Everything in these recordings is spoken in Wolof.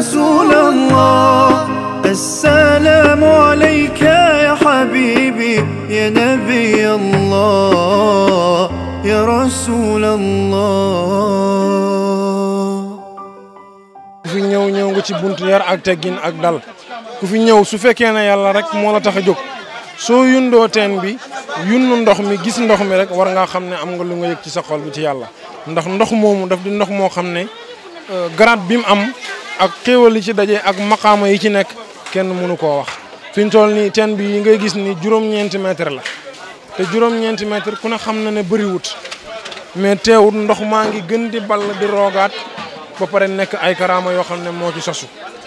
رسول الله السلام عليك يا حبيبي يا نبي الله يا رسول الله في ak xéewal li ci daje ak maqaama yi ci nekk kenn mënu koo wax fi ñu toll bi ngay gis ni juróom-ñeenti mètre la te juróom-ñeenti mètre ku ne xam na ne bëriwut mais teewut ndox maa ngi gën di ball di roogaat ba pare nekk ay karaama yoo xam ne moo ci sosu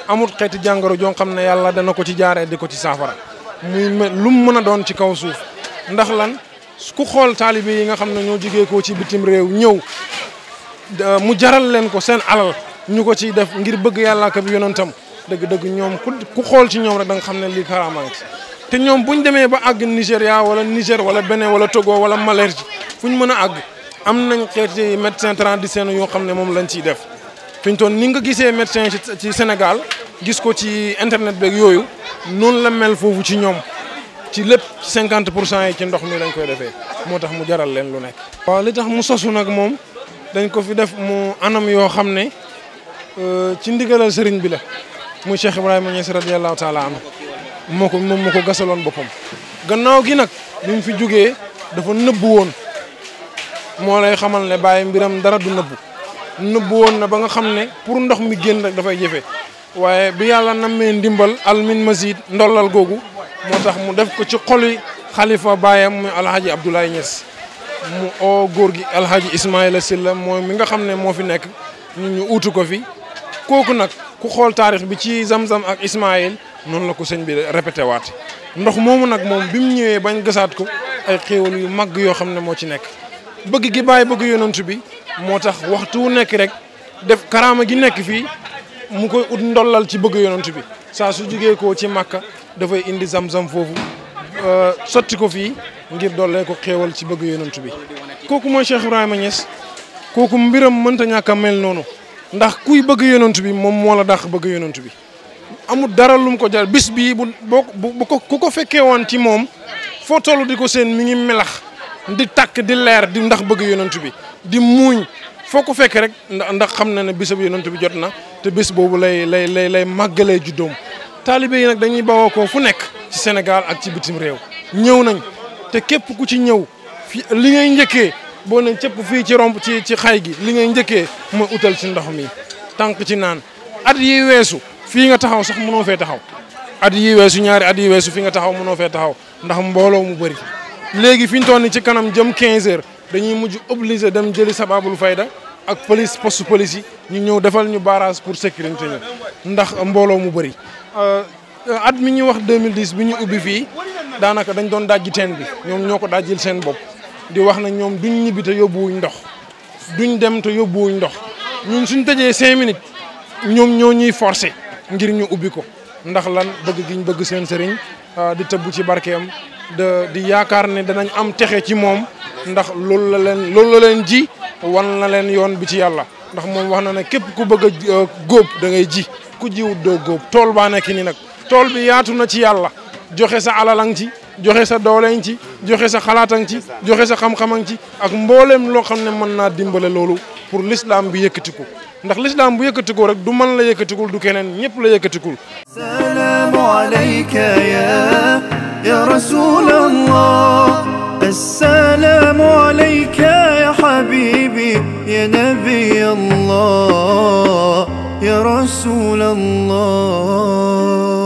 amut xeeti jàngoro joo xam ne dana ko ci jaaree di ci saafara muy lum mën doon ci kaw suuf ndax lan ku xool yi nga ci bitim réew mu jaral ko alal ñu ko ciy def ngir bëgg yàlla ak yonentam dëgg-dëgg ñoom ku xool ci ñoom rek da xam ne lii karaama te ñoom bu ñu demee ba àgg Nigéria wala Niger wala Benin wala Togo wala Malaisie fu ñu mën a àgg am nañ xeeti médecin traditionnel yoo xam ne moom lañ ciy def. fi ñu toon ni nga gisee médecin ci Sénégal gis ko ci internet beeg yooyu noonu la mel foofu ci ñoom ci lépp cinquante pour cent yi ci ndox mi lañ koy defee moo tax mu jaral leen lu nekk. waaw li tax mu mu anam yoo xam ne. Euh, ci ndigalal sëriñ bi la muy Cheikh Ibrahima Niass radiyallahu taala anhu moo ko moom moo ko gasaloon boppam. gannaaw gi nag bi fi jógee dafa nëbbu woon moo lay xamal ne bàyyi mbiram dara du nëbbu nëbbu woon na ba nga xam ne pour ndox mi génn rek dafay jafe waaye bi yàlla nammee ndimbal almin masid ndollal googu moo tax mu def ko ci xoli xalifa baayam muy alhaji Abdoulaye Niass mu oo góor gi alhaji Ismaïla Silla mooy mi nga xam ne moo fi nekk ñun ñu ko fi kooku nag ku xool taarix bi ci Zamzam ak Ismaïl noonu la ko sëñ bi répété waat ndox moomu nag moom bi mu ñëwee bañ gësaat ko ay xéewal yu mag yoo xam ne moo ci nekk bëgg gi bàyyi bëgg yonent bi moo tax waxtu wu nekk rek def karaama gi nekk fii mu koy ut ndollal ci bëgg yonent bi saa su jógee koo ci màkka dafay indi Zamzam foofu euh, sotti ko fii ngir dollee ko xéewal ci bëgg yonent bi kooku mooy Cheikh Ibrahima Niass kooku mbiram mënta ñàkk a mel noonu ndax kuy bëgg yonent bi moom moo la dàq bëgg yonent bi amul dara lum ko jar bis bii bu bu ko ku ko fekkee woon ci moom foo tollu di ko seen mi ngi melax di takk di leer di ndax bëgg yonent bi di muuñ foo ko fekk rek ndax xam na ne bésab yonent bi jot na te bés boobu lay lay lay lay màggalee juddoom. taalibe yi nag dañuy bawoo ko fu nekk ci Sénégal ak ci bitim réew ñëw nañ te képp ku ci ñëw fi li ngay njëkkee. boo ne cëpp fii ci romb ci ci xay gi li ngay njëkkee mooy utal ci ndox mi tànk ci naan at yi weesu fii nga taxaw sax mënoo fee taxaw at yi weesu ñaari at yi weesu fi nga taxaw mënoo fee taxaw ndax mbooloo mu bëri léegi fi ñu toll ni ci kanam jëm 15 heures dañuy mujj obligé dem jëli sababul fayda ak police poste police yi ñu ñëw defal ñu barrage pour sécurité ñu ndax mbooloo mu bëri euh, at mi ñuy wax 2010 bi ñu ubbi fii daanaka dañ doon dajji teen bi ñoom ñoo ko dajjil seen bopp di wax na ñoom duñ ñibbi te yóbbuwuñ ndox duñ dem te yóbbuwuñ ndox ñun suñ tëjee cinq minutes ñoom ñoo ñuy forcé ngir ñu ubbi ko ndax lan bëgg giñ bëgg seen sëriñ ah, di tëbb ci barkeem de di yaakaar ne danañ am texe ci moom ndax loolu la leen loolu leen ji wan na leen yoon bi ci yàlla ndax moom wax na ne képp ku bëgg a euh, góob da ngay ji ku jiwut doo góob tool baa ki ni nag tool bi yaatu na ci yàlla joxe sa alalang ci joxe sa dooleñ ci joxe sa xalaatañ ci joxe sa xam-xamañ ci ak mboolem loo xam ne mën naa dimbale loolu pour l'islam bi yëkkatiku ndax l'islam bu yëkkatikoo rek du man la yëkkatikul du keneen ñëpp la yëkkatikul salaamu alayka ya ya ya nabiyallah ya